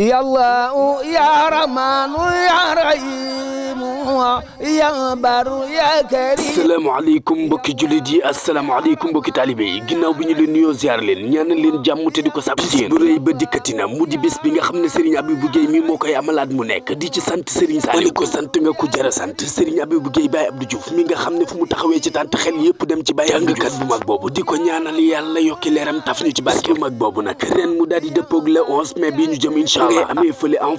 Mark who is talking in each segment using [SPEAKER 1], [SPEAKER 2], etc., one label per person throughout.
[SPEAKER 1] يلا يا رمان يا رحيم
[SPEAKER 2] salaamaaleykum mbokki jullit yi mbokki taalibe yi ginnaaw bi ñu leen nuyoo ziar leen ñaanal leen jàmm te di ko sàpp ci yéen bu rëy ba dikkatina mu di bés bi nga xam ne Serigne bu Gueye mi moo koy amalaat mu nekk di ci sant Serigne Saliou ne ko sant nga ko jara sant Serigne Abibou Gueye Baye Abdou Diouf mi nga xam ne fu mu taxawee ci tànt xel yëpp dem ci Baye jàngkat bu mag boobu di ko ñaanal yàlla yokki leeram taf ñu ci barke bu mag boobu nag ren mu daal di dëppoog le 11 mai bi ñu jëm incha allah amee fële en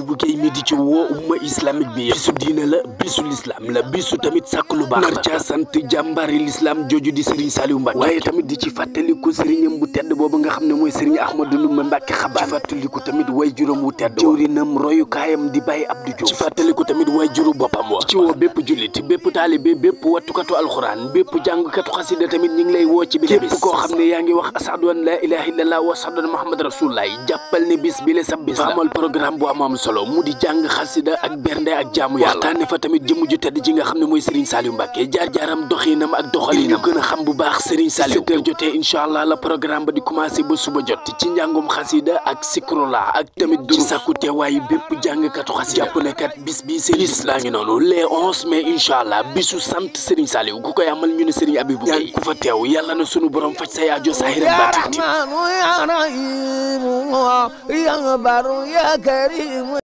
[SPEAKER 2] bi bu kay midi ci woo umma islamique bi bisu diine la bisu lislaam la bisu tamit sàkk lu baax nar caa sant jàmbaari lislaam jooju di Serigne Saliou Mbacke waaye tamit di ci fàttaliku sëriñam bu tedd boobu nga xam ne mooy Serigne Ahmadou Lumba Mbacke xabaar ci fàttaliku tamit way juróom wu tedd ci woo bépp jullit bépp taalibe bépp wattukatu alxuraan bépp jàngkatu xasida tamit ñi ngi lay woo ci bi képp koo xam ne yaa ngi wax asadu an la ilaha illallah wa asadu an muhammad rasulullah jàppal ne bis bi la sa bis la bu am am solo mu di jàng xasida ak bernde ak jaamu yàlla waxtaane fa tamit jëmm ju tedd ji nga xam ne mooy Serigne Saliou Mbacké jaar-jaaram doxinam a la programme ba di ba suba jot ci njàngum xasida ak sikrola ak tamit du ci sàkku teewaayu bépp jàngkatu xasida jàpp ne kat bis bi seen bis laa ngi noonu les onze
[SPEAKER 1] mai